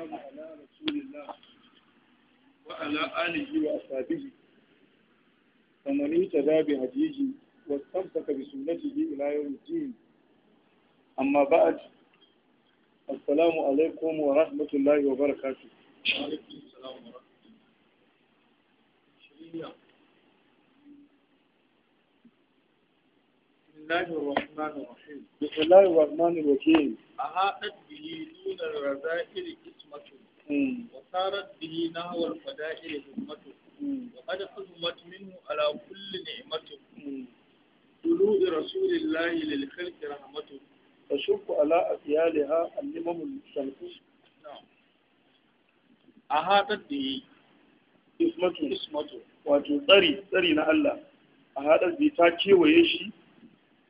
والسلام على رسول الله وعلى آله وأصحابه ومن اهتدى بهديه واستمسك بسنته إلى يوم الدين أما بعد السلام عليكم ورحمة الله وبركاته وعليكم السلام ورحمة الله الله الرحمن الرحيم بسم الله الرحمن الرحيم أحاطت به دون الرذائل وصارت به نهو الفدائل همته وقد حزمت منه على كل نعمته طلوع رسول الله للخلق رحمته تشك على أثيالها النمم الشمس نعم أهاتت به اسمته ismatu wato tsari tsari na Allah تاكي ويشي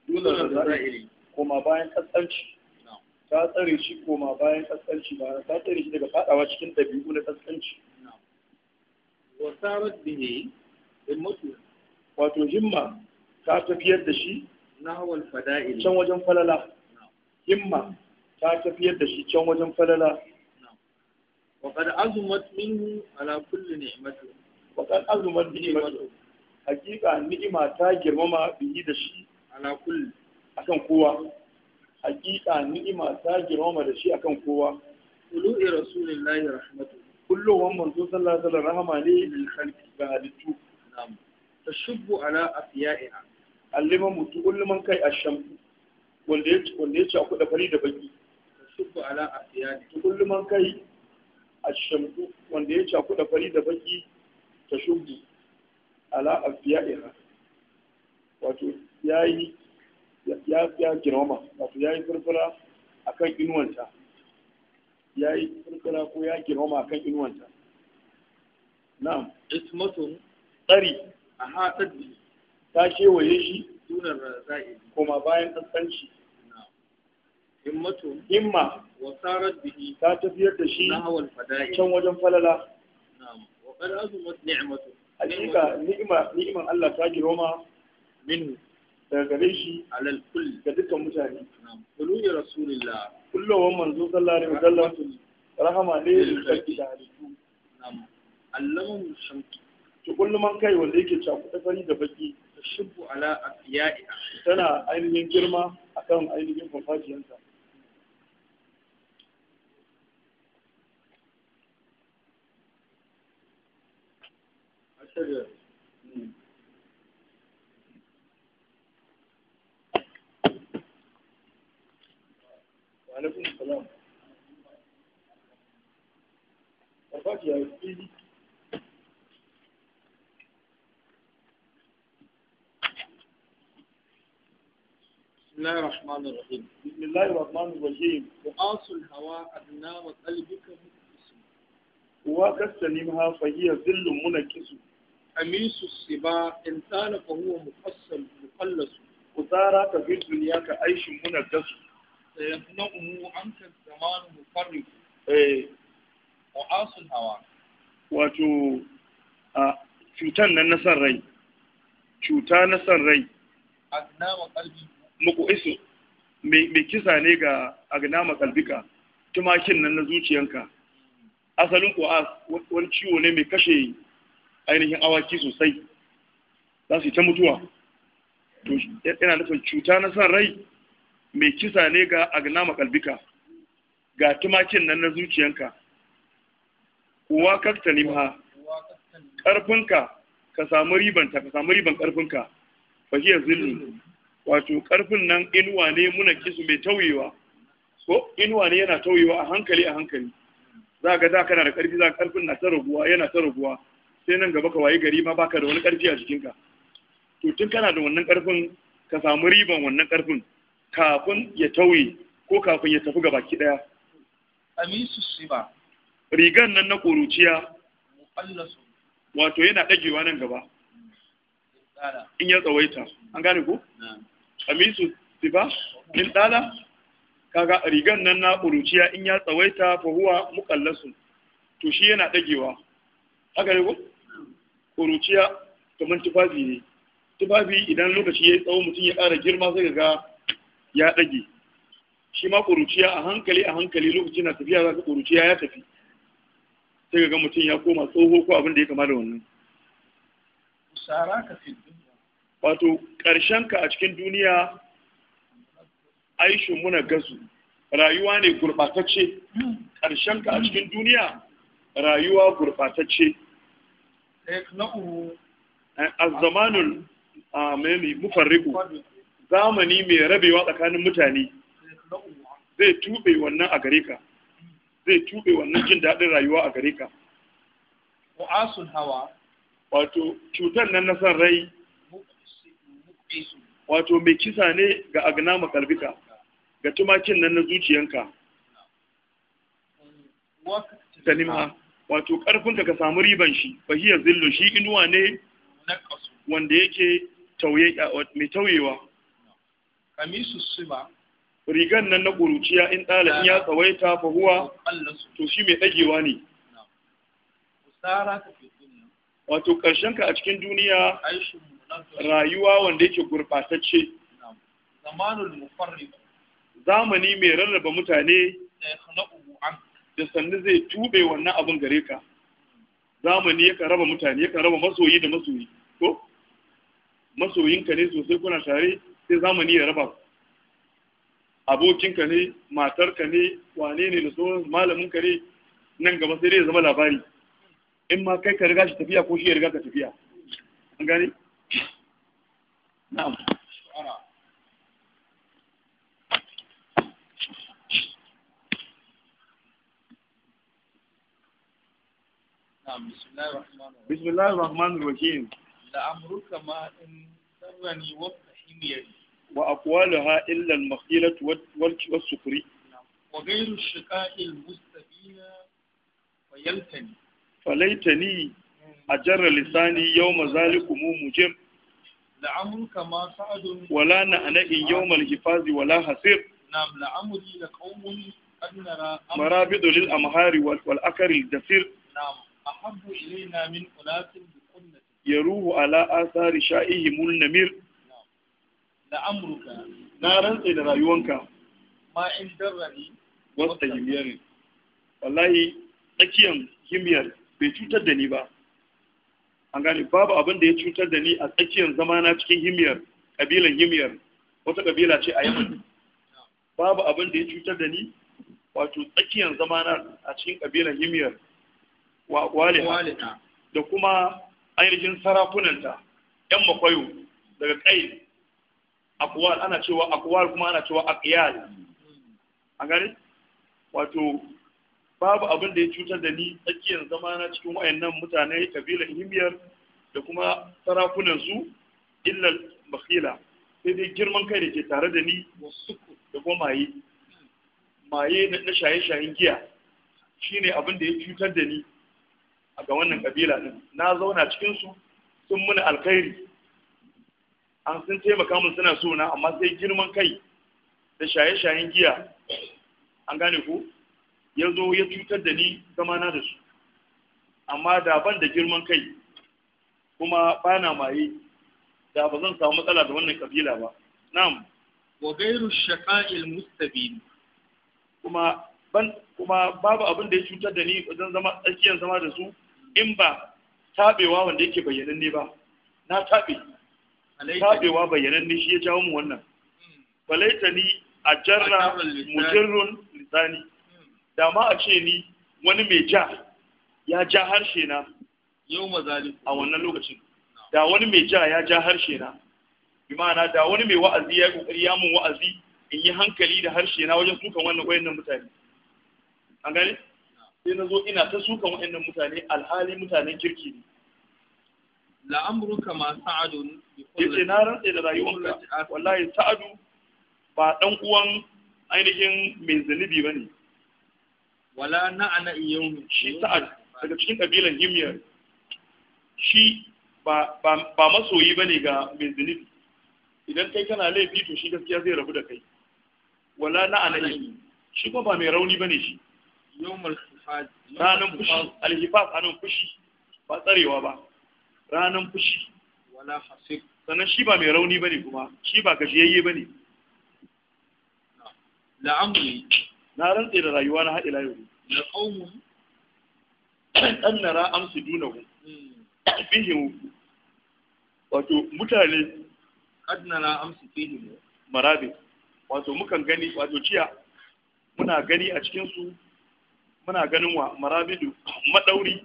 دون ta kewaye باين أسألش ta tsare shi koma bayan kaskanci ba ta tsare shi daga fadawa cikin ɗabi'u na kaskanci wasarar bihe mutu wato himma ta tafiyar da shi hawan fada'il can wajen falala himma ta tafiyar da shi can wajen falala wa qad azumat minhu ala kulli ni'mati wa qad azumat bi ni'mati hakika ni'ima ta girmama bihi da shi ala kulli akan kowa hakika ni'ima ta girma da shi akan kowa ulu'i rasulillahi rahmatu kullowan manzo sallallahu alaihi wasallam rahama ne lil khalqi ga halittu nam tashubbu ala afya'iha allima mutu ulluman kai asham wanda yace wanda ya ci akwai da fari da baki tashubbu ala afya'iha to ulluman kai asham wanda ya ci akwai da fari da baki tashubbu ala afya'iha wato yayi ya ya girma wato ya yi furfura a kan inuwanta ya yi furfura ko ya girma a kan inuwanta na'am ismatun tsari a haɗar ta kewaye shi dunar razai kuma bayan tsantsanci himmatu himma wa sarat bihi ta tafiyar da shi nahwal fada'i can wajen falala na'am wa qad azumat ni'matu hakika ni'ima ni'iman Allah ta girma minhu daga gare shi alal kull ga dukkan mutane kullu rasulillah kullawan manzo sallallahu alaihi wasallam rahama ne da sarki da halittu allamu shamsu to kullu man kai wanda yake cakuɗa fari da baki tashubu ala afiyai tana ainihin girma akan ainihin farfajiyanta Thank you. alaikum salam farfajiya fili بسم الله الرحمن الرحيم بسم الله الرحمن الرحيم وآص الهوى أدنى وقلبك مكسم وكسلمها فهي ذل منكس أميس السباع إن كان فهو مفصل مقلص وتارك في الدنيا كعيش منكس sayasna'uhu wato cutan na san cuta na san mai kisa ne ga agnama qalbika tumakin nan na zuciyanka asalin ko wani ciwo ne mai kashe ainihin awaki sosai za su yi ta mutuwa yana nufin cuta na san rai mai kisa ne ga agnama kalbika ga tumakin nan na zuciyanka kuwa kakta nimha karfinka ka samu ribanta ka samu riban karfinka fahiya zillu wato karfin nan inuwa ne muna kisu mai tauyewa ko inuwa ne yana tauyewa a hankali a hankali za ga da kana da karfi za karfin na ta raguwa yana ta raguwa sai nan gaba ka wayi gari ma baka da wani karfi a jikinka to tun kana da wannan karfin ka samu riban wannan karfin kafin ya tauye ko kafin ya tafi gabaki daya amisu siba rigan nan na kuruciya wato yana dagewa nan gaba in ya tsawaita an gane ko amisu siba min tsala kaga rigan nan na kuruciya in ya tsawaita fa huwa muqallasun to shi yana dagewa haka ne ko kuruciya kamar tufafi ne tufafi idan lokaci ya yi tsawon mutum ya ƙara girma sai ga ya ɗage shi ma ƙuruciya a hankali a hankali lokacin na tafiya za ka ƙuruciya ya tafi sai ga mutum ya koma tsoho ko abin da ya kama da wannan wato ƙarshen ka a cikin duniya aishin muna gasu rayuwa ne gurɓatacce ƙarshen ka a cikin duniya rayuwa gurɓatacce A a mai mufarriku zamani mai rabewa tsakanin mutane zai tube wannan a gare ka zai tube wannan jin daɗin rayuwa a gare ka wa'asun hawa wato cutar nan na san rai wato mai kisa ne ga agna makalbika ga tumakin nan na zuciyanka wato karfinka ka samu riban shi bahiyar zillu shi inuwa ne wanda yake mai tauyewa kamisu sima rigan nan na ƙuruciya in ɗala in ya tsawaita fa huwa to shi mai ɗagewa ne wato ƙarshen ka a cikin duniya rayuwa wanda yake gurɓatacce zamani mai rarraba mutane da sannu zai tube wannan abin gare ka zamani yakan raba mutane yakan raba masoyi da masoyi ko masoyinka ne sosai kuna tare sai zamani ya raba abokinka ne matarka ne wane ne da sauran malaminka ne nan gaba sai dai zama labari in ma kai ka riga shi tafiya ko shi ya riga ka tafiya an gane na'am بسم الله الرحمن الرحيم لأمرك ما إن سرني وفهمني wa aqwaluha illa al-makhilatu wal sukri wa ghayru shiqa'i al-mustabina fa laytani ajarra lisani yawma zalikum mujim la'amruka kama sa'adun wa la wala in yawma al-hifazi la hasib nam la qawmun annara marabidu lil amhari wal akari al-dasir nam ahabbu ilayna min ulati bi qunnati yaruhu ala athari sha'ihi al-namir la amurka na rantsa da rayuwanka ma in darrani wasta himiyar wallahi tsakiyan himiyar bai cutar da ni ba an gane babu abin da ya cutar da ni a tsakiyan zamana cikin himiyar kabilan himiyar wata kabila ce a yamma babu abin da ya cutar da ni wato tsakiyan zamana a cikin kabilan himiyar wa walita da kuma ainihin sarakunanta yan makwayo daga kai akwal ana cewa akwal kuma ana cewa aqyal an gane wato babu abin da ya cutar da ni tsakiyar zama zamana cikin wayannan mutane kabila, himiyar da kuma sarakunan su illa bakhila sai dai girman kai da ke tare da ni da kuma maye maye na shaye-shayen giya shine abin da ya cutar da ni a ga wannan kabila din na zauna cikin su sun muna alkhairi an sun taimaka mun suna so na amma sai girman kai da shaye-shayen giya an gane ku ya zo ya cutar da ni zamana da su amma da ban da girman kai kuma bana maye da ba zan samu matsala da wannan kabila ba na'am wa gairu shaqa'il mustabin kuma ban kuma babu abin da ya cutar da ni wajen zama tsakiyar zama da su in ba tabewa wanda yake bayyananne ba na tabe tabewa ni shi ya jawo mu wannan falaita hmm. ni a jarra mujirrun lisani hmm. da ma a ce ni wani mai ja ya ja harshe na yau a wannan lokacin da wani mai ja ya ja harshe na bi ma'ana da wani mai wa'azi ya kokari ya mun wa'azi in yi hankali da harshe na wajen sukan wannan wayannan mutane an gani sai na zo ina ta sukan wayannan mutane alhali mutanen kirki ne la'amruka ma sa'adun yace na rantsa da rayuwanka wallahi sa'adu ba dan uwan ainihin mai ba ne. wala na na'ana yawmi shi sa'ad daga cikin kabilan himyar shi ba masoyi ba ne ga mai zunubi idan kai kana laifi to shi gaskiya zai rabu da kai wala na na'ana yawmi shi kuma ba mai rauni ba ne shi yawmul hifaz ranan fushi alhifaz anan fushi ba tsarewa ba ranan fushi wala hasib sanan shi ba mai rauni bane kuma shi ba gajiyayye bane la amri na rantse da rayuwa na haɗe layo la qawmu an nara amsu dunahu bihim hmm. wato mutane kad nara amsu bihim marabi wato mukan gani wato ciya muna gani a cikin su muna ganin wa marabidu madauri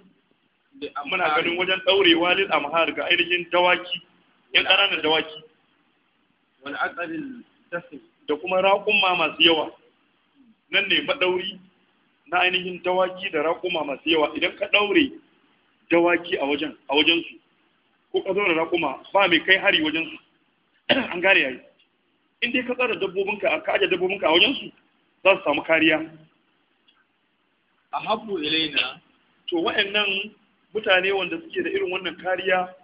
muna ganin wajen daurewa lil amhar ga ainihin dawaki yan ƙananan dawaki wal aqalil da kuma raƙuma masu yawa nan ne maɗauri na ainihin dawaki da raƙuma masu yawa idan ka daure dawaki a wajen a wajen su ko ka zauna raƙuma ba mai kai hari wajen su an gane yayi in dai ka tsara dabbobinka ka aje dabbobinka a wajen su za su samu kariya a habu ilaina to wa'annan mutane wanda suke da irin wannan kariya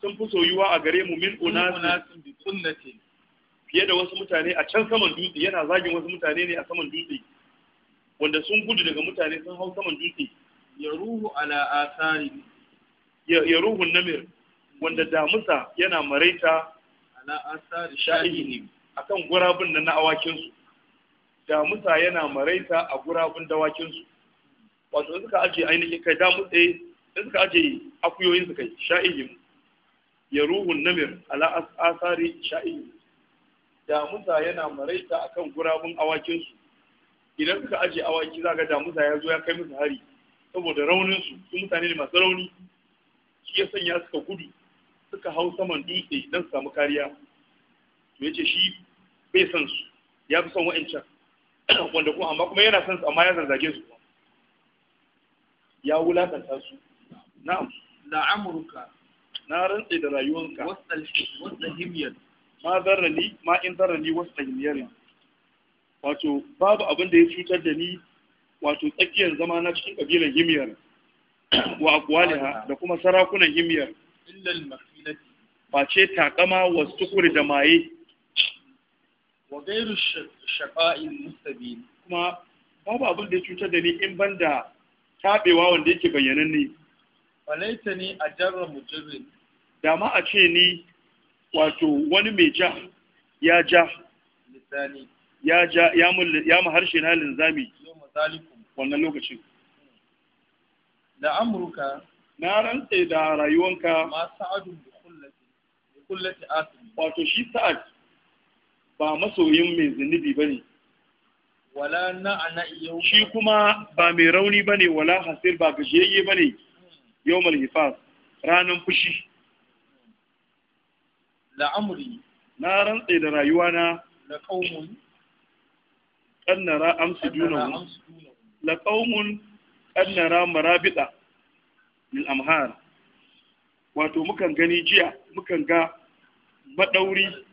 sun fi soyuwa a gare mu min unasin bi sunnati fiye da wasu mutane a can saman dutse yana zagin wasu mutane ne a saman dutse wanda sun gudu daga mutane sun hau saman dutse ya ruhu ala asari ya ruhun namir wanda damusa yana maraita ala asari a akan gurabun nan na awakin su damusa yana maraita a gurabun dawakin su wato suka aje ainihin kai damutse da suka yi akuyoyin su yi sha'ihim ya ruhun namir ala asari sha'ihim damusa yana maraita akan gurabun awakinsu idan suka aje awaki za ga damusa ya zo ya kai musu hari saboda raunin su mutane ne masu rauni shi ya sanya suka gudu suka hau saman dutse don su samu kariya to yace shi bai san su ya fi son wa'ancan wanda kuma amma kuma yana son su amma ya zarzage su ya wulakanta su na'am la amruka na rantsi da rayuwanka wasta himyar ma zarrani ma in zarrani wasta himyar wato babu abin da ya cutar da ni wato tsakiyar zama na cikin kabilar himyar wa akwaliha da kuma sarakunan himyar illal makinati face takama wasu tukuri da maye wa gairu shaqa'in mustabin kuma babu abin da ya cutar da ni in banda tabewa wanda yake bayyananne falaita ni a jarra mujirin da ma a ce ni wato wani mai ja ya ja misali ya ja ya ya mu harshe na linzami wannan lokacin da amurka na rantse da rayuwanka ma sa'adun bi kullati bi wato shi sa'ad ba masoyin mai zunubi ne wala na'ana yau shi kuma ba mai rauni ba ne wala hasir ba gajiyayye ne. yawmal hifaz ranar fushi la'amuri na rantse da rayuwa na qaumun ƙannara amsu dunahu la qaumun kannara marabida amhar wato mukan gani jiya mukan ga maɗauri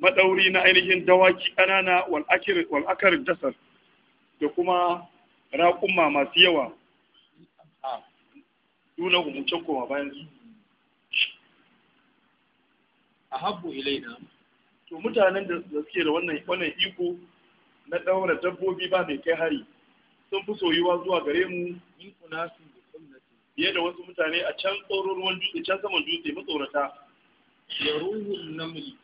maɗauri na ainihin dawaki ƙanana wal jasar da kuma raƙumma masu yawa duna mu can koma bayan su ahabbu ilaina to mutanen da suke da wannan wannan iko na daura dabbobi ba mai kai hari sun fi soyuwa zuwa gare mu in su da sunnati biye da wasu mutane a can tsoron ruwan dutse can saman dutse matsorata ya ruhun namir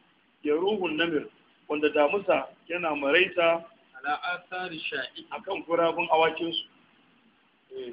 ya ruhun namir wanda damusa yana maraita ala asari sha'i akan gurabun awakin su eh.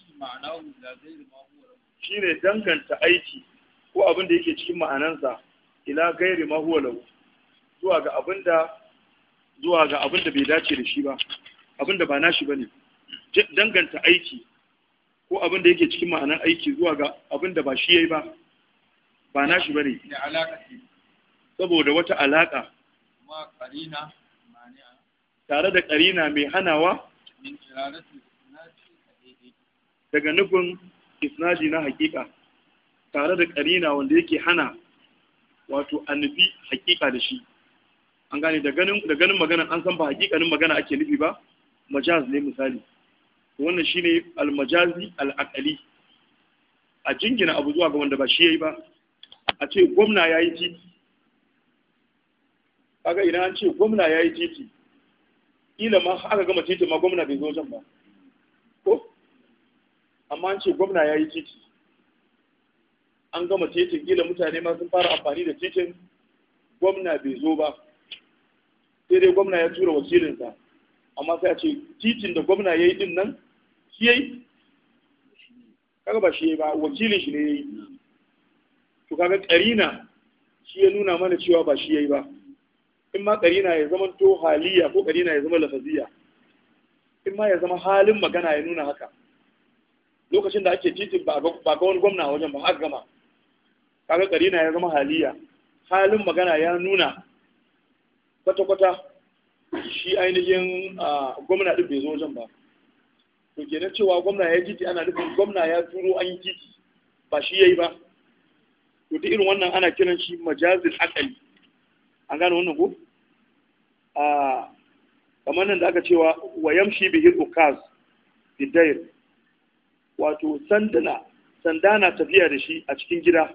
shi ne danganta aiki ko abin da yake cikin ma'anansa ila gairi ma huwa lahu zuwa ga abin da zuwa ga abin da bai dace da shi ba abin da ba nashi bane danganta aiki ko abin da yake cikin ma'anan aiki zuwa ga abin da ba shi yayi ba ba nashi bane saboda wata alaka tare da karina mai hanawa daga nufin isnaji na hakika tare da karina wanda yake hana wato annabi hakika da shi an gane da ganin magana an san ba hakikanin magana ake nufi ba majaz ne misali wannan shine al-majazi al a jingina abu zuwa ga wanda ba shi yayi ba a ce gwamna yayi titi kaga idan an ce gwamna yayi titi ila ma aka gama titi ma gwamna bai zo wajen ba amma an ce gwamna ya yi titi an gama titin gila mutane ma sun fara amfani da titin gwamna bai zo ba sai dai gwamna ya tura wakilinsa amma sai a ce titin da gwamna ya yi din nan shi ya yi kaga ba shi ya yi ba wakilin shi ne ya yi to kaga karina shi ya nuna mana cewa ba shi ya yi ba in ma karina ya zama to haliya ko karina ya zama lafaziya in ma ya zama halin magana ya nuna haka lokacin da ake titin ba ga wani gwamna wajen ba aka gama kaga na ya zama haliya halin magana ya nuna kwata-kwata shi ainihin gwamna ɗin bai zo wajen ba to kenan cewa gwamna ya titi ana nufin gwamna ya turo an yi titi ba shi ya yi ba to duk irin wannan ana kiran shi majazin akali an gane wannan ko a kamar nan da aka cewa wa yamshi ukaz bidair wato sandana sanda na tafiya da shi a cikin gida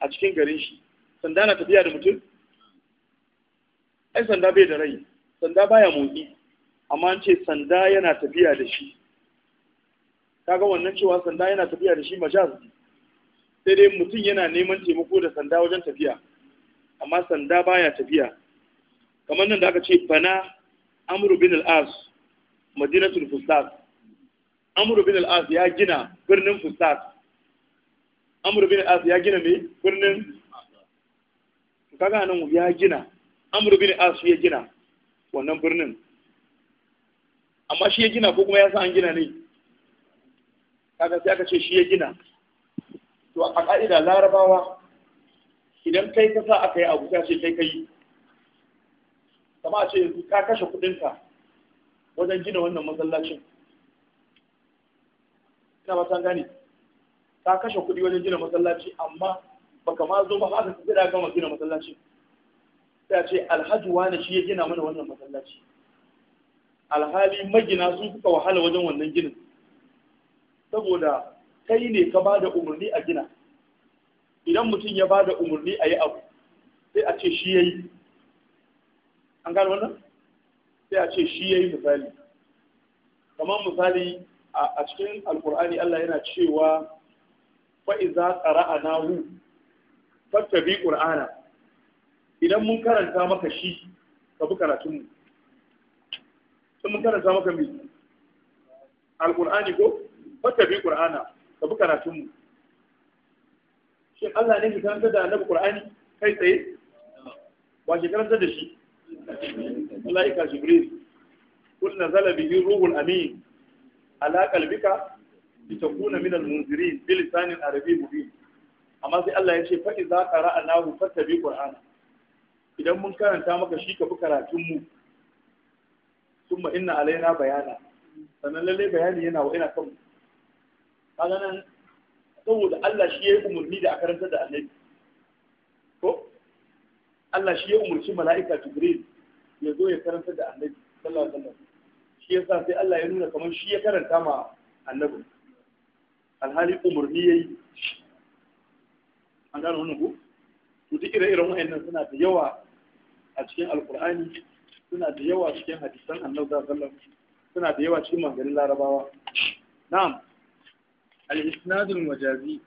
a cikin garin shi sanda na tafiya da mutum ai sanda bai da rai sanda baya motsi amma an ce sanda yana tafiya da shi kaga wannan cewa sanda yana tafiya da shi majaz sai dai mutum yana neman taimako da sanda wajen tafiya amma sanda baya tafiya kamar nan da aka ce bana amru bin al-as madinatul fustat amuru bin al-as ya gina birnin fustat amuru bin al-as ya gina me birnin kaga nan ya gina amuru bin al-as ya gina wannan birnin amma shi ya gina ko kuma ya san an gina ne kaga sai aka ce shi ya gina to a ka'ida larabawa idan kai ka sa aka yi abu sai kai kai kama ce ka kashe kudinka wajen gina wannan masallacin ina ba san gane ka kashe kuɗi wajen gina masallaci amma baka ma zo ba haka sai da gama gina masallaci sai a ce alhaji wani shi ya gina mana wannan masallaci alhali magina sun suka wahala wajen wannan ginin saboda kai ne ka ba da umarni a gina idan mutum ya ba da umarni a yi abu sai a ce shi ya yi an gano wannan sai a ce shi ya yi misali kamar misali a cikin alkur'ani Allah yana cewa fa'iza ƙara'anahu fattabi ƙur'ana idan mun karanta maka shi ka bi karatunmu sun mun karanta maka mai alƙur'ani ko fattabi ƙur'ana ka bi karatunmu shin Allah ne ke karanta da annabi ƙur'ani kai tsaye ba shi karanta da shi mala'ika jibril kun zalabi bihi ruhul amin ala qalbika litakuna minal munzirin bi lisanin arabi mubin amma sai Allah ya ce fa idza qara'nahu fattabi qur'ana idan mun karanta maka shi ka bi karatunmu. mu summa inna alaina bayana sannan lalle bayani yana wa ina kanmu kaga nan saboda Allah shi ya yi umarni da a karanta da annabi ko Allah shi ya umarci mala'ika Jibril ya zo ya karanta da annabi sallallahu alaihi wasallam shi yasa sai Allah ya nuna kamar shi ya karanta ma annabi alhali umarni yayi an gano wannan ko to duk ire-iren wayannan suna da yawa a cikin alkur'ani suna da yawa cikin hadisan annabi sallallahu alaihi wasallam suna da yawa cikin maganganun larabawa na'am al-isnad al-majazi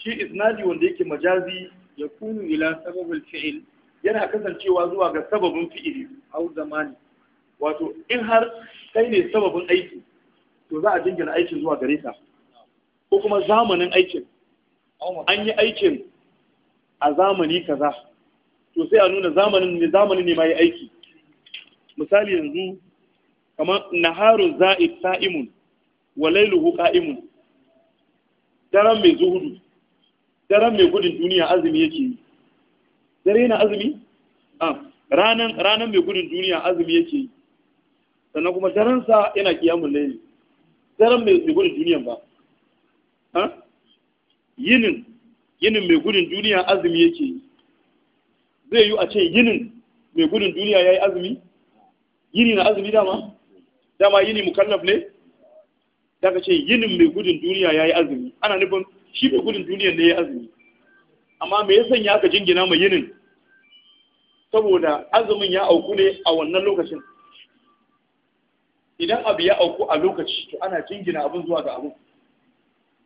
shi isnadi wanda yake majazi ya kunu ila sababul fi'il yana kasancewa zuwa ga sababin fi'ili au zamani wato in har kai ne sababin aiki to za a jingina aikin zuwa gare ka ko kuma zamanin aikin an yi aikin a zamani kaza to sai a nuna zamanin ne zamanin ne ma yi aiki misali yanzu kamar naharun za'id sa'imun wa lailuhu qa'imun daren mai zuhudu daren mai gudun duniya azumi yake yi dare na azumi ah ranan ranan mai gudun duniya azumi yake yi sannan kuma daren sa yana kiyamun laili daren mai gudun duniya ba yinin yinin mai gudun duniya azumi yake yi zai yi a ce yinin mai gudun duniya ya yi azumi yini na azumi dama dama yini mukallaf ne daga ce yinin mai gudun duniya ya yi azumi ana nufin shi mai gudun duniya ne ya azumi amma me ya sanya aka jingina ma yinin saboda azumin ya auku ne a wannan lokacin idan abu ya auku a lokaci to ana jingina abin zuwa ga abu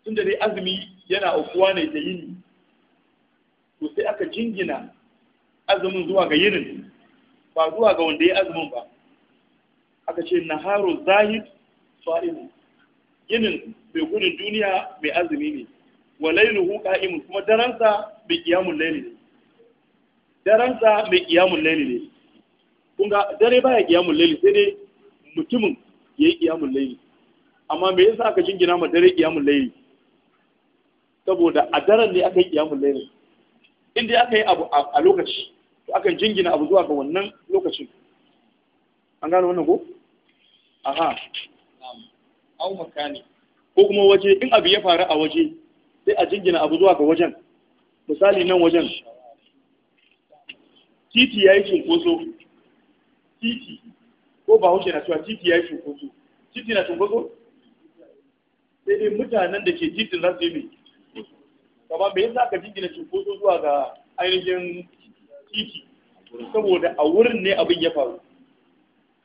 tunda dai azumi yana aukuwa ne da yini to sai aka jingina azumin zuwa ga yinin ba zuwa ga wanda ya azumin ba aka ce naharu zahid sa'imu yinin mai gudun duniya mai azumi ne wa lailuhu qa'imun kuma daransa mai qiyamul layli ne daransa mai qiyamul layli ne kun ga dare baya qiyamul layli sai dai mutumin yi ƙiyamun layi. amma me yasa aka jingina ma dare ƙiyamun layi? saboda a daren ne aka yi ƙiyamun layi inda aka yi abu a lokaci to akan jingina abu zuwa ga wannan lokacin an gano wannan ko aha au makani ko kuma waje in abu ya faru a waje sai a jingina abu zuwa ga wajen misali nan wajen titi ya yi cunkoso titi ko ba wuce na cewa titi ya yi cunkoso titi na cunkoso sai dai mutanen da ke titin za su yi mai kama me yasa ka jingina cunkoso zuwa ga ainihin titi saboda a wurin ne abin ya faru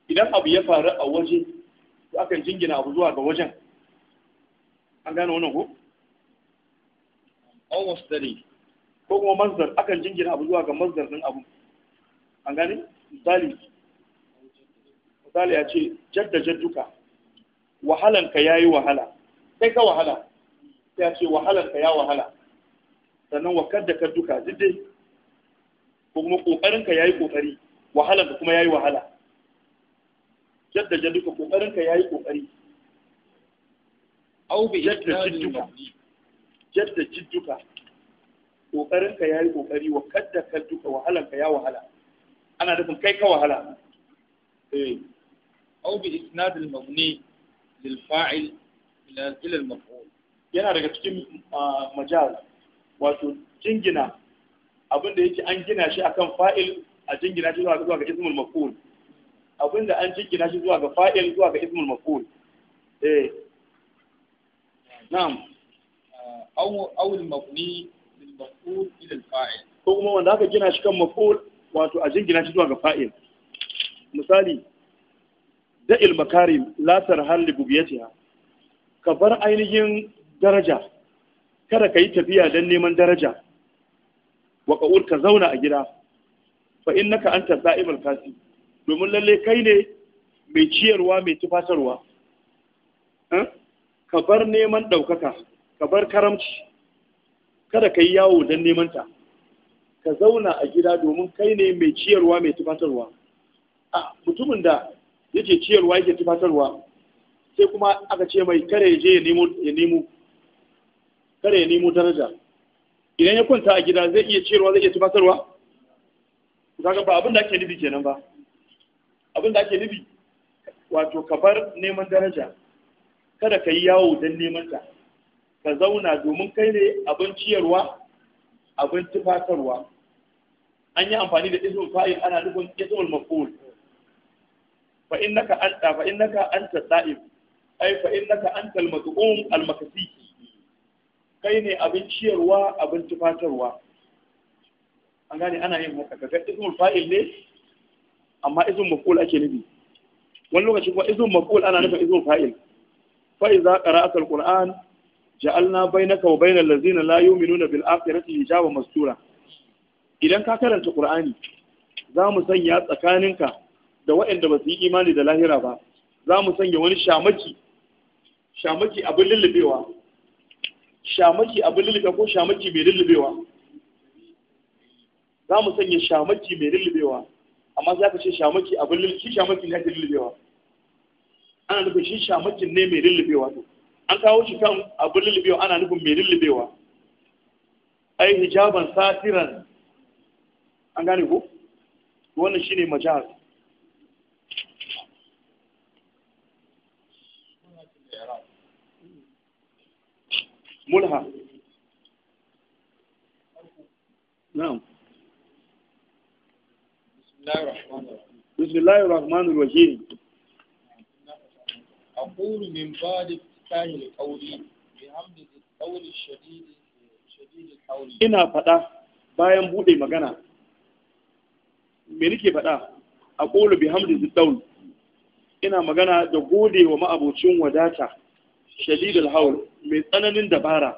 idan abu ya faru a waje to aka jingina abu zuwa ga wajen an gane wannan ko aw masdari ko kuma mazdar akan jingina abu zuwa ga mazdar din abu an gane misali misali ya ce jadda jadduka wahalanka ya yi wahala sai ka wahala sai ya ce wahalanka ya wahala sannan wakar da kadduka duka, dai ko kuma ƙoƙarinka ya yi ƙoƙari wahalanka kuma ya yi wahala jadda jadduka ƙoƙarinka ya yi ƙoƙari jadda jadduka jadda jidduka ƙoƙarinka ya yi ƙoƙari wakar da kadduka wahalanka ya wahala ana nufin kai ka wahala eh aw bi isnad al mabni fa'il ila ila al yana daga cikin majaz wato jingina abin yake an gina shi akan fa'il a jingina shi zuwa ga ismul maf'ul abin an jingina shi zuwa ga fa'il zuwa ga ismul maf'ul eh na'am aw aw al mabni lil fa'il ko kuma wanda aka gina shi kan maf'ul wato a jingina shi zuwa ga fa'il misali da ilmakarim latar halli bugiyatiya ka bar ainihin daraja kada ka yi tafiya don neman daraja wa ka'ur ka zauna a gida fa in naka an tafi sa'imar kasi domin lalle kai ne mai ciyarwa mai tufatarwa ka bar neman ɗaukaka ka bar karamci kada ka yi yawo don nemanta ka zauna a gida domin kai ne mai ciyarwa mai tufatarwa a mutumin da yake ciyarwa yake tufatarwa sai kuma aka ce mai kare ya je ya nemo kare ya nemo daraja idan ya kwanta a gida zai iya ciyarwa zai iya tufatarwa kaga ba abin da ake nufi kenan ba abin da ake nufi wato ka bar neman daraja kada ka yi yawo don neman ta ka zauna domin kai ne abin ciyarwa abin tufatarwa an yi amfani da ismul fa'il ana nufin ismul maf'ul fa innaka anta fa innaka anta sa'ib ai fa innaka antal maz'um al makasiki kai ne abin ciyarwa abin tufatarwa an gane ana yin haka kaga ismul fa'il ne amma ismul maf'ul ake nufi wani lokaci kuma ismul maf'ul ana nufin ismul fa'il fa idza qara'atal qur'an ja'alna bainaka wa bainal ladzina la yu'minuna bil akhirati hijaban mastura idan ka karanta qur'ani za mu sanya tsakaninka da waɗanda ba su yi imani da lahira ba za mu sanya wani shamaki shamaki abin lullubewa shamaki abin lullubewa ko shamaki mai lullubewa za mu sanya shamaki mai lullubewa amma sai aka ce shamaki abin lullubewa shi shamaki ne ake lullubewa ana nufin shi shamaki ne mai lullubewa an kawo shi kan abin lullubewa ana nufin mai lullubewa ai hijaban satiran an gane ko wannan shine majaz mulha na'am الله الرحمن الرحيم أقول min بعد tahil القولي بحمد qawli الشديد الشديد qawli ina فتا bayan bude magana me nake fada aqulu bihamdi ziddaul ina magana da gode wa ma'abocin wadata shadidul haul mai tsananin dabara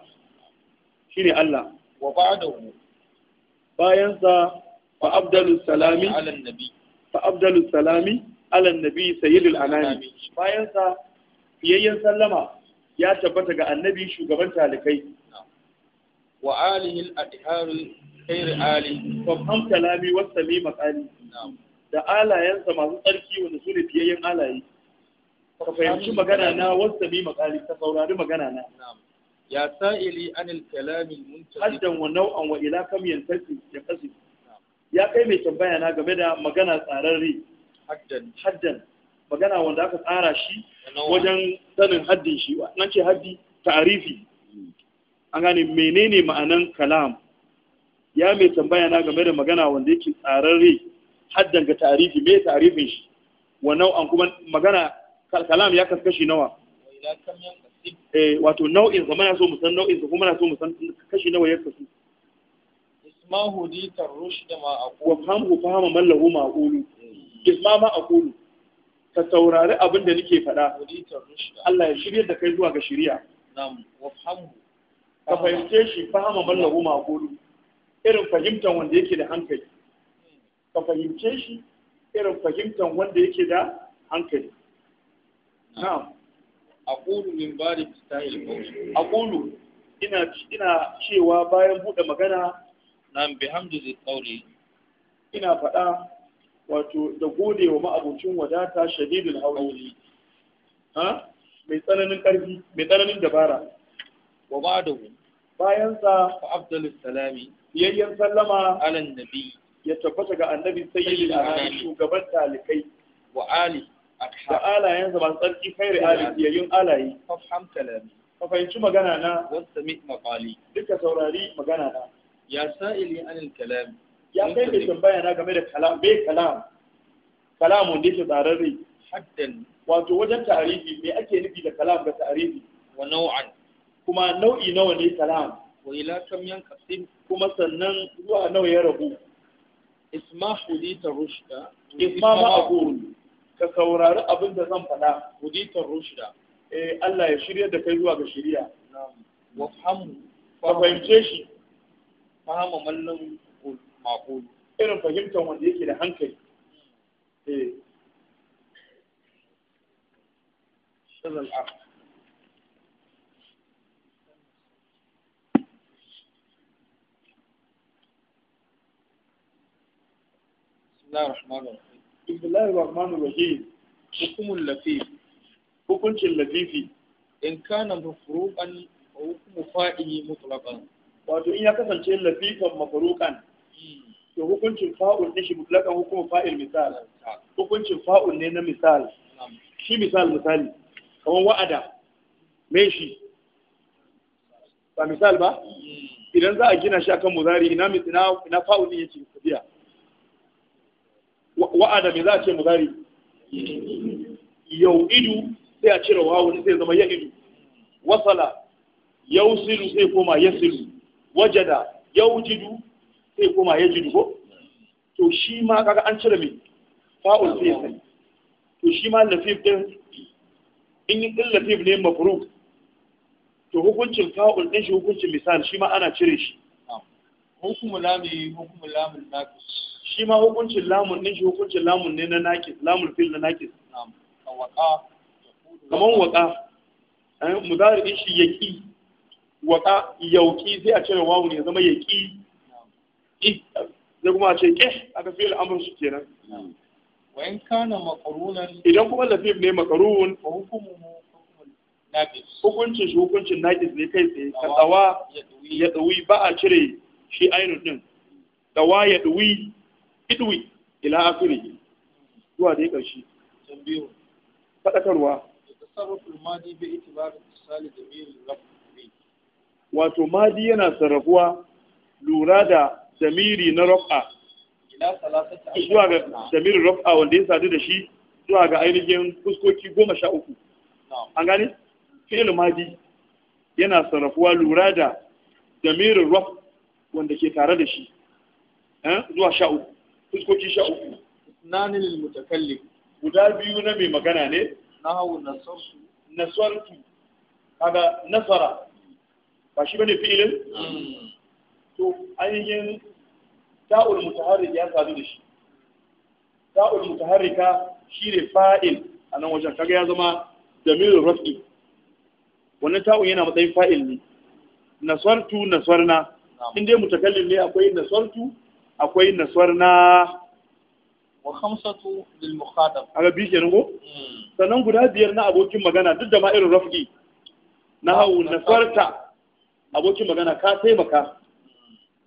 shi ne Allah wa ba'dahu bayan sa fa abdalus salami ala nabi fa abdalus salami ala nabi sayyidul anami bayan sa fiyayyen sallama ya tabbata ga annabi shugaban talikai wa alihi al-adharul khair ali wa kam kalami wa salima da alayensa masu tsarki wanda su ne fiyayyen alaye? ka fahimci magana na wasta bi makali ka saurari magana na ya sa'ili anil kalami muntasim haddan wa nau'an wa ila kam yantasi ya kasi ya kai mai tambaya na game da magana tsararre haddan haddan magana wanda aka tsara shi wajen sanin haddin shi nan ce haddi ta'arifi an gane menene ma'anan kalam ya mai tambaya na game da magana wanda yake tsararre haddan ga ta'arifi me ta'arifin shi wa nau'an kuma magana kalam ya kaskashi nawa eh wato nau'in sa na so mu san nau'in sa kuma na so mu san kashi nawa ya kasu ismahu di tarushd ma aqulu wa fahamhu fahama man lahu ma aqulu isma ma aqulu ka saurari abin da nake faɗa Allah ya shirye da kai zuwa ga shari'a na'am wa fahamhu ka fahimce shi fahama man lahu ma aqulu irin fahimtar wanda yake da hankali ka fahimce shi irin fahimtar wanda yake da hankali na'am aqulu min ba'di istahil aqulu ina ina cewa bayan buɗe magana nan bi hamdi qawli ina faɗa wato da gode wa ma'abucin wadata shadidul hauli ha mai tsananin ƙarfi mai tsananin dabara wa ba'dahu bayan sa fa sallama alan ya tabbata ga annabi sayyidina shugaban talikai da alayensa masu tsarki kai da yayyun alaye fafham kalami ka fahimci magana na wasami maqali duka saurari magana na ya sa'ili anil kalam ya kai da tambaya na game da kalam be kalam kalamun da yake tsararre haddan wato wajen tarihi me ake nufi da kalam ga tarihi wa nau'an kuma nau'i nawa ne kalam wa ila kam yanqasim kuma sannan zuwa nawa ya rabu ismahu li tarushda isma ma ka saurari abin da zan faɗa huditar rushida eh Allah ya shirya da kai zuwa ga shiriya wa fahimu ka fahimce shi fahimu mallam maqul irin fahimtar wanda yake da hankali eh بسم الله الرحمن الرحيم bismillahir rahmanir rahim hukumul latif hukuncin latifi in kana mafruqan wa hukmu fa'i mutlaqan wato in ya kasance latifan mafruqan hmm. to hukuncin fa'ul ne shi mutlaqan hukumu fa'il misal hukuncin fa'ul ne na misal shi misal misali kamar wa'ada me shi ba misal ba hmm. idan za a gina shi akan muzari ina fa'ul ne yake tafiya wa'ada me za a ce muzari yau idu sai a cire wawun sai zama ya idu wasala yau silu sai koma ya silu wajada yau jidu sai koma ya jidu ko to shi ma kaga an cire mai fa'ul sai sai to shi ma lafif din in yi din lafif ne mafuru to hukuncin fa'ul din shi hukuncin misal shi ma ana cire shi hukumu lami hukumu lamin naqis shi ma hukuncin lamun din shi hukuncin lamun ne na nakis lamun fil na nakis kaman waka eh, mudari din shi yaki waka yauki sai a cire wawu ne zama yaki zai kuma a ce eh aka fi al'amur shi kenan wa kana idan kuma lafif ne makarun, hukuncin shi hukuncin nakis ne kai tsaye ka tsawa ya ɗuwi ba a cire shi ainihin ɗin tsawa ya ɗuwi idwi ila akhirih zuwa dai karshe tambiyo fadakarwa wato madi yana sarrafuwa lura da damiri na raf'a zuwa ga damirin raf'a wanda ya sadu da shi zuwa ga ainihin fuskoki goma sha uku an gani? fi'il madi yana sarrafuwa lura da damirin rafa wanda ke tare da shi eh, zuwa sha uku fuskoki sha uku nani lil mutakallim guda biyu na mai magana ne nahawu nasartu nasartu kaga nasara ba shi bane fi'ilin hmm. to ainihin ta'ul mutaharrik ya sadu da shi ta'ul mutaharrika shine fa'il a nan wajen kaga ya zama damir raf'i wannan ta'un yana matsayin fa'il ne nasartu nasarna in dai mutakallim ne akwai nasartu akwai na wa hamsatu lil mukhatab aga bi kenan ko hmm. sannan guda biyar na abokin magana duk da ma irin rafi na hawu nasarta abokin magana ka taimaka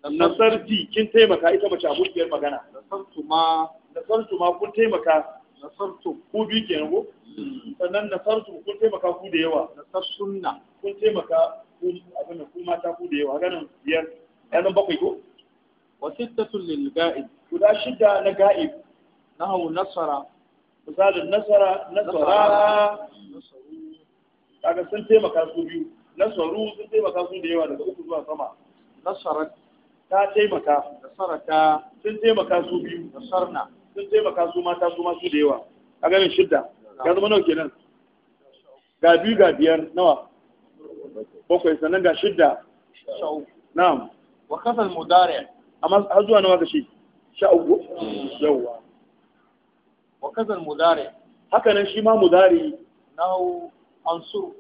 hmm. nasarti kin taimaka ita mace abokiyar magana nasartu ma nasartu ma kun taimaka nasartu ku bi kenan ko hmm. sannan nasartu kun taimaka ku da yawa sunna kun taimaka ku abin ku mata ku da yawa ganin biyar ya zan bakwai ko wa sittatu lil ga'ib guda shida na ga'ib nahu nasara misalin nasara sun taimaka su biyu nasaru sun taimaka su da yawa daga uku zuwa sama nasarat ta taimaka nasarata sun taimaka su biyu nasarna sun taimaka su mata su masu da yawa a ganin shidda ya zama nawa kenan ga biyu ga nawa bakwai sannan ga shidda na'am wa kasal mudari amma har zuwa nawa kace sha uku hmm. yawa wa kazal mudari haka nan shi ma mudari nahu ansur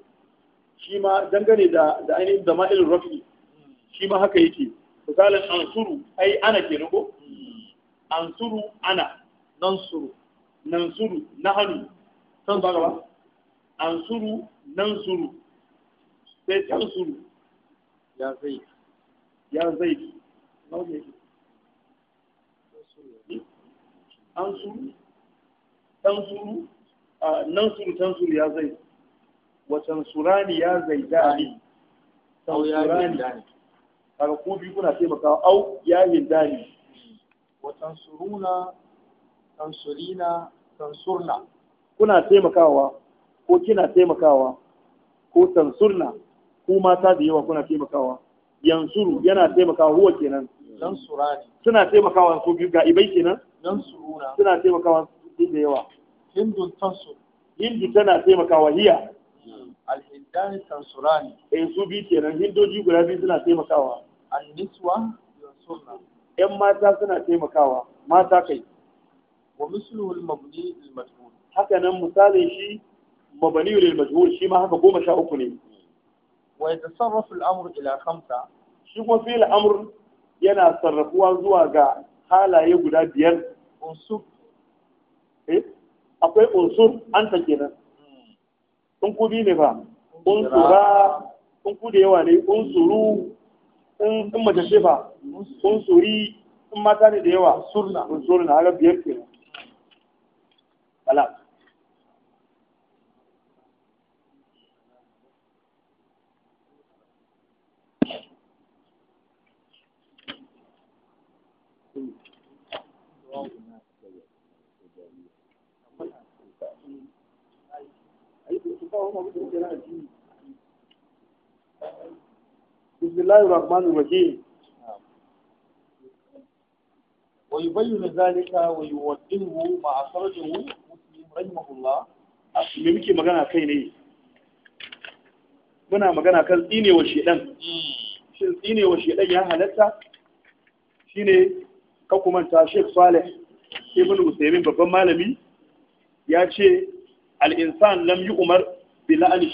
shi ma dangane da da ainihin da ma'il rafi hmm. shi ma haka yake misalin ansuru ai ana ke ko hmm. ansuru ana nansuru nansuru nahanu san ba ba ansuru nansuru sai tansuru ya zai ya zai nauke an suru? ɗan su nan suru, tan suru ya zai wacan surani ya zai dani au ya zai dani kaga ko biyu kuna taimakawa au ya yi dani wacan suruna tan surina tan surna kuna taimakawa ko kina taimakawa ko tansurna ko mata da yawa kuna taimakawa yansuru yana taimakawa huwa kenan tansurani suna taimakawa ko biyu ga ibai kenan yansuruna suna taimakawa su da yawa hindun tansur hindu tana taimakawa hiya hmm. alhindani tansurani eh su bi kenan hindoji guda biyu suna taimakawa da yansurna yan mata suna taimakawa mata kai wa misluhu al-mabni al-majhul haka nan misalin shi mabani lil majhul shi ma haka goma sha uku ne wa yatasarrafu al-amru ila khamsa shi kuma fi'il amr yana sarrafuwa zuwa ga halaye guda biyar unsur eh akwai unsur an ta kenan in ku bi ne ba unsura in ku da yawa ne unsuru in mace ce ba unsuri in mata ne da yawa surna unsurna haka biyar kenan الله الرحمن الرحيم ويبين ذلك ويوضحه wa yuwaddihu مسلم رحمه الله rahimahullah me muke magana kai ne muna magana kan tsinewa shedan hmm. shin tsinewa shedan ya halatta shine ka kumanta Sheikh Saleh Ibn Usaimin babban malami ya ce al-insan lam yu'mar bi la'ani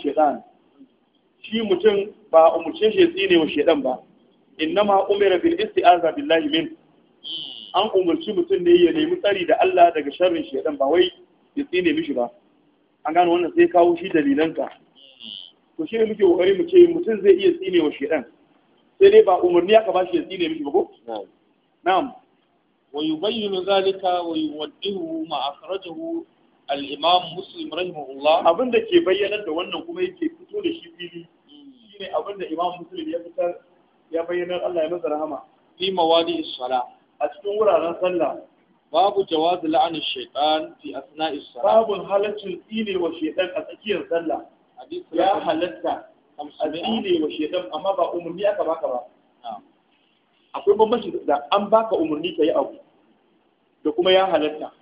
shi mutum ba a umurce shi ne wa shaidan ba ma umira bil isti'aza billahi min an umurci mutum ne ya nemi tsari da Allah daga sharrin shaidan ba wai ya tsine mishi ba an gano wannan sai kawo shi dalilanka to shi ne muke kokari mu ce mutum zai iya tsine wa shaidan sai dai ba umarni aka ba shi ya tsine mishi ba ko na'am wa yubayyinu zalika wa yuwaddihu ma akhrajahu al’imam muslim rahimahullah abin da ke bayyanar da wannan kuma yake fito da shi fili shine abin da imam muslim ya fitar ya bayyanar Allah ya masa rahama fi mawadi as a cikin wuraren sallah babu jawaz la'anin shaytan fi a as-sala babu halaccin ile wa shaytan a tsakiyar sallah ya halatta a ile wa shaytan amma ba umarni aka baka ba akwai bambanci da an baka umarni ka yi abu da kuma ya halatta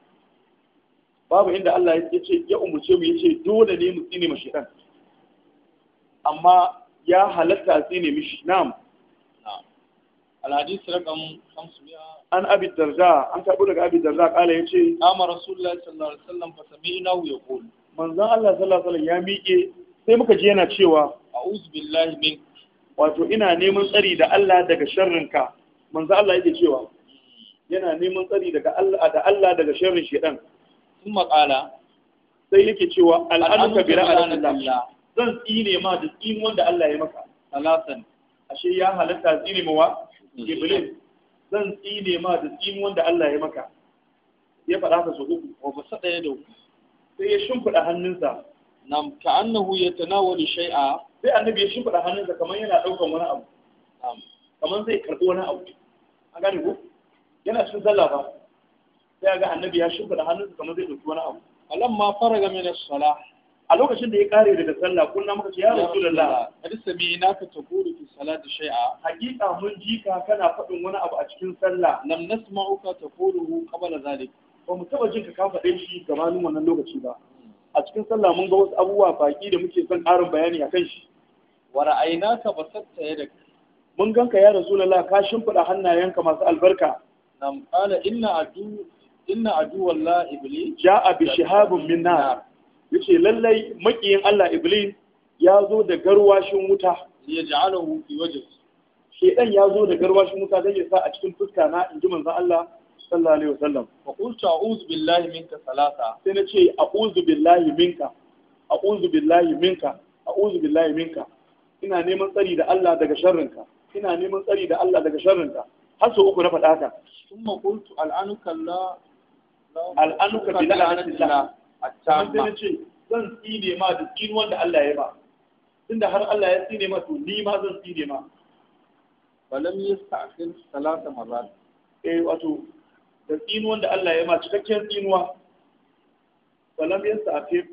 babu inda Allah ya ce ya umurce mu ya ce dole ne mu tsine mashi dan amma ya halatta a tsine mishi na'am الحديث رقم 500 عن ابي الدرداء عن ابو لك ابي الدرداء قال يجي قام رسول الله صلى الله عليه وسلم فسمعناه يقول من ذا الله صلى الله عليه وسلم يا miƙe sai muka ji yana cewa a'udhu billahi min wato ina neman tsari da Allah daga sharrinka manzo Allah yake cewa yana neman tsari daga Allah da Allah daga sharrin shedan sun maƙala sai yake cewa al'aduka bi ra'atillah zan tsine ma da tsini wanda Allah ya maka salasan ashe ya halatta tsine mawa mm. iblis zan tsine ma da tsini wanda Allah ya maka ya fada ka so uku ba sada ya dauki sai ya shimfiɗa hannunsa nam ka annahu yatanawali shay'a sai annabi ya shimfiɗa hannunsa kamar yana daukan wani abu kamar zai karɓi wani abu an gane ko yana cin sallah ba sai ga annabi ya shimfida hannunsa kamar zai dauki wani abu ma faraga min as-salah a lokacin da ya kare daga sallah kunna muka ce ya rasulullah kad sami'na ka taqulu fi salati shay'a hakika mun ji ka kana faɗin wani abu a cikin sallah lam nasma'uka taquluhu qabla zalik ba mu taba jin ka ka faɗe shi gabanin wannan lokaci ba a cikin sallah mun ga wasu abubuwa baki da muke son ƙarin bayani akan shi wa ra'aynaka basatta yadak mun ganka ya rasulullah ka shimfida hannayenka masu albarka nam qala inna adu inna aduwalla iblis ja'a bi shihabin min Ya ce lallai makiyin Allah iblis ya zo da garwashin wuta ya ja'alahu fi wajen? shedan ya zo da garwashin wuta don ya sa a cikin fuska na inji manzon Allah sallallahu alaihi wasallam fa qultu a'udhu billahi minka salasa sai na ce a'udhu billahi minka a'udhu billahi minka a'udhu billahi minka ina neman tsari da Allah daga sharrinka ina neman tsari da Allah daga sharrinka har sau uku na faɗa ka. Sun makultu al'anuka Allah al'anuka bi la'anatillah at-tamma ce zan tsine ma da tsin wanda Allah ya ba tunda har Allah ya tsine ma to ni ma zan tsine ma balam yasta'khir salasa marrat eh wato da tsin wanda Allah ya ma cikakken tsinuwa balam yasta'khir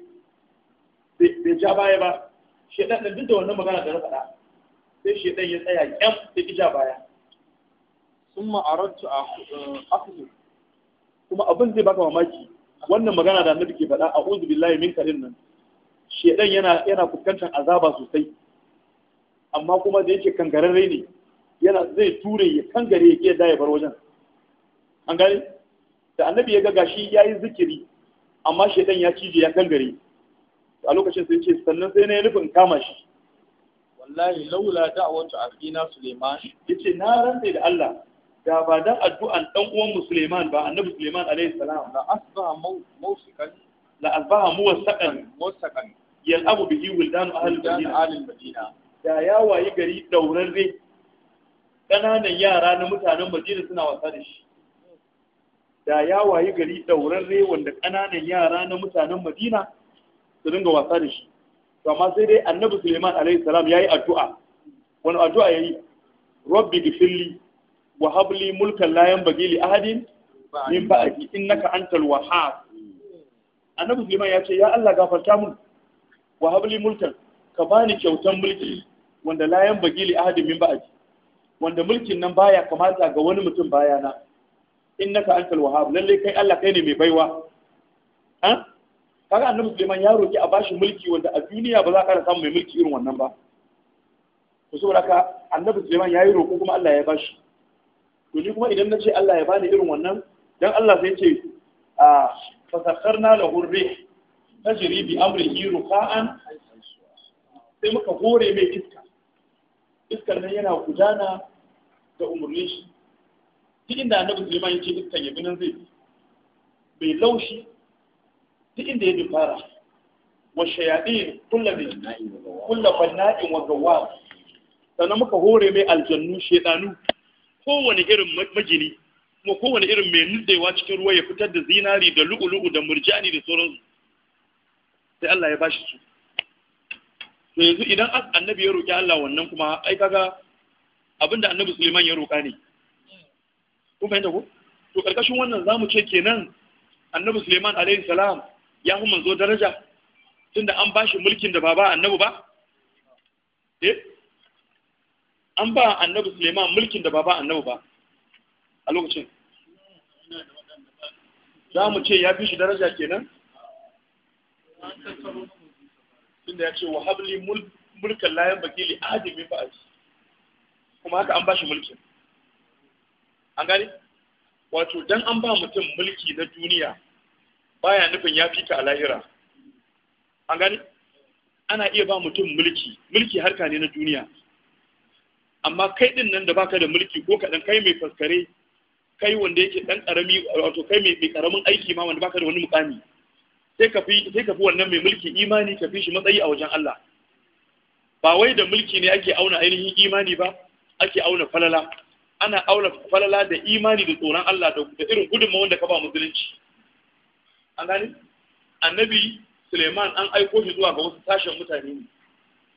bai ja baya ba shedan da duk da wannan magana da na faɗa sai shedan ya tsaya kyam da ija baya summa aradtu akhudhu eh, kuma abin zai baka mamaki wannan magana da annabi ke faɗa a uzu billahi min karin nan shedan yana yana fuskantar azaba sosai amma kuma da yake kangararre ne yana zai ture ya kangare ya da ya bar wajen an gani da annabi ya ga gashi ya yi zikiri amma shedan ya cije ya kangare a lokacin sai ce sannan sai na yi nufin kama shi wallahi laula da'awatu akhina suleiman yace na rantsa da Allah da ba dan addu'an dan uwan musulman ba annabi Suleiman alaihi salam la asba mawsikan la asbaha muwassaqan muwassaqan abu bihi wildan ahli madina da ya wayi gari daurarre ƙananan yara na mutanen Madina suna wasa da shi da ya wayi gari daurarre wanda ƙananan yara na mutanen Madina su dinga wasa da shi to amma sai dai annabi Suleiman alaihi salam yayi addu'a wani addu'a yayi rabbi gifilli wa habli mulkan layan bagili ahadin min ba'di innaka antal wahhab annabi Suleiman ya ce ya Allah gafarta mun wa habli mulkan ka bani kyautan mulki wanda layan bagili ahadin min ba'di wanda mulkin nan baya kamata ga wani mutum baya bayana innaka antal wahhab lalle kai Allah kai ne mai baiwa ha kaga annabi Suleiman ya roki a bashi mulki wanda a duniya ba za ka samu mai mulki irin wannan ba to saboda haka annabi Suleiman yayi roko kuma Allah ya bashi to ni kuma idan na ce Allah ya bani irin wannan dan Allah sai ce a fasakharna lahu rih tajri bi amri ruqa'an sai muka hore mai iska iskar nan yana gudana da umarnin shi duk inda annabi Sulaiman ya ce iskan ya nan zai bai laushi duk inda ya fara wa shayadin kullabi bi kullu fanna'in wa gawwa sannan muka hore mai aljannu shedanu kowane irin magini kuma kowane irin mai nutsewa cikin ruwa ya fitar da zinari da lu'ulu'u da murjani da sauran sai Allah ya bashi su to yanzu idan annabi ya roƙi Allah wannan kuma ai kaga abinda annabi Suleiman ya roƙa ne kun fahimta ko to karkashin wannan zamu ce kenan annabi Suleiman alaihi salam ya fi manzo daraja tunda an bashi mulkin da baba annabi ba eh an ba annabi suleiman mulkin da ba ba annabi ba a lokacin za mu ce ya fi shi daraja kenan da ya ce wa habli mulkan layan bakili ahadin min ba'd kuma haka an ba shi mulkin an gani wato dan an ba mutum mulki na duniya baya nufin ya fi ka a lahira an gani ana iya ba mutum mulki mulki harka ne na duniya amma kai din nan da baka da mulki ko kaɗan kai mai faskare kai wanda yake ɗan ƙarami wato kai mai ƙaramin aiki ma wanda baka da wani mukami sai ka fi sai ka fi wannan mai mulki imani ka fi shi matsayi a wajen Allah ba wai da mulki ne ake auna ainihin imani ba ake auna falala ana auna falala da imani da tsoron Allah da irin gudunmawar da ka ba musulunci an gani annabi Suleiman an aiko shi zuwa ga wasu tashin mutane ne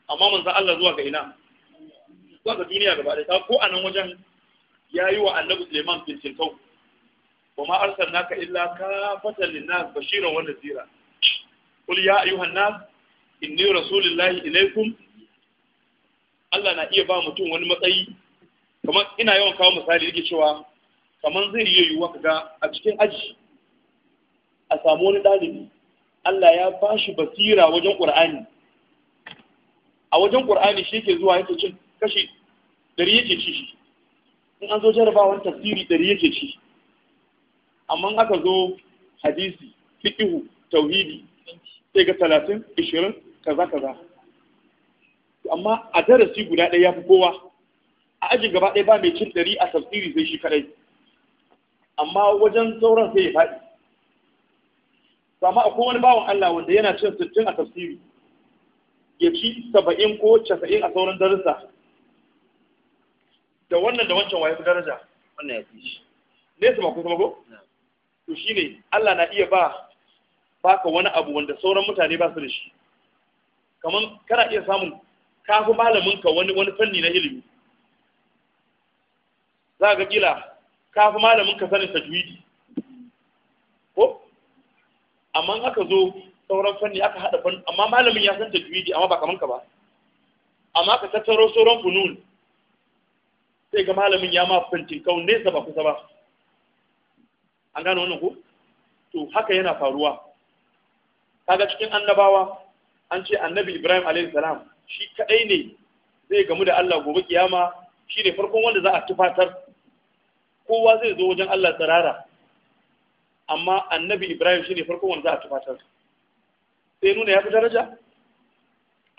amma manzo Allah zuwa ga ina zuwa duniya gaba ɗaya ko a nan wajen ya yi wa annabi suleiman fintinkau wa ma arsalnaka illa ka kafatan linnas bashiran wa nadhira qul ya ayyuhan nas inni rasulullahi ilaikum Allah na iya ba mutum wani matsayi kamar ina yawan kawo misali yake cewa kamar zai iya yiwuwa kaga a cikin aji a samu wani ɗalibi Allah ya ba shi basira wajen ƙur'ani a wajen ƙur'ani shi ke zuwa yake cin kashi ɗari yake ci shi in an zo jarabawan tafsiri ɗari yake ci amma aka zo hadisi fiƙihu tauhidi sai ga talatin ishirin kaza kaza amma a darasi guda ɗaya ya fi kowa a ajin gaba ɗaya ba mai cin ɗari a tafsiri sai shi kaɗai amma wajen sauran sai ya faɗi amma akwai wani bawan Allah wanda yana cin sittin a tafsiri ya ci saba'in ko casa'in a sauran darussa da wannan da wancan waye daraja wannan ya fi shi nesa ma kuma ko to shine Allah na iya ba baka wani abu wanda sauran mutane ba su da shi kaman kana iya samun kafi malamin ka wani wani fanni na ilimi za ga kila kafi malamin ka sanin tajwidi ko amma aka zo sauran fanni aka hada fanni amma malamin ya san tajwidi amma ba kaman ka ba amma ka tattaro sauran funun sai ga malamin ya ma fintin kawo nesa ba kusa ba an gano wannan ku? to haka yana faruwa kaga cikin annabawa an ce annabi ibrahim alaihi salam shi kadai ne zai gamu da allah gobe kiyama shi ne farkon wanda za a tufatar kowa zai zo wajen allah tsirara amma annabi ibrahim shi ne farkon wanda za a tufatar sai nuna ya fi daraja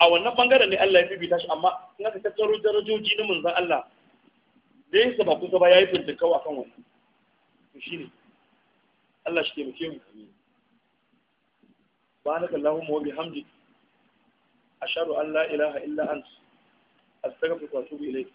a wannan bangaren ne allah ya bibita shi amma in aka tattaro darajoji na manzan allah da yin ba kusa ba yayi a kan wani to shi ne Allah shi taimake mu ba amin subhanaka allahumma wa bihamdik ashhadu an la ilaha illa anta astaghfiruka wa atubu ilayk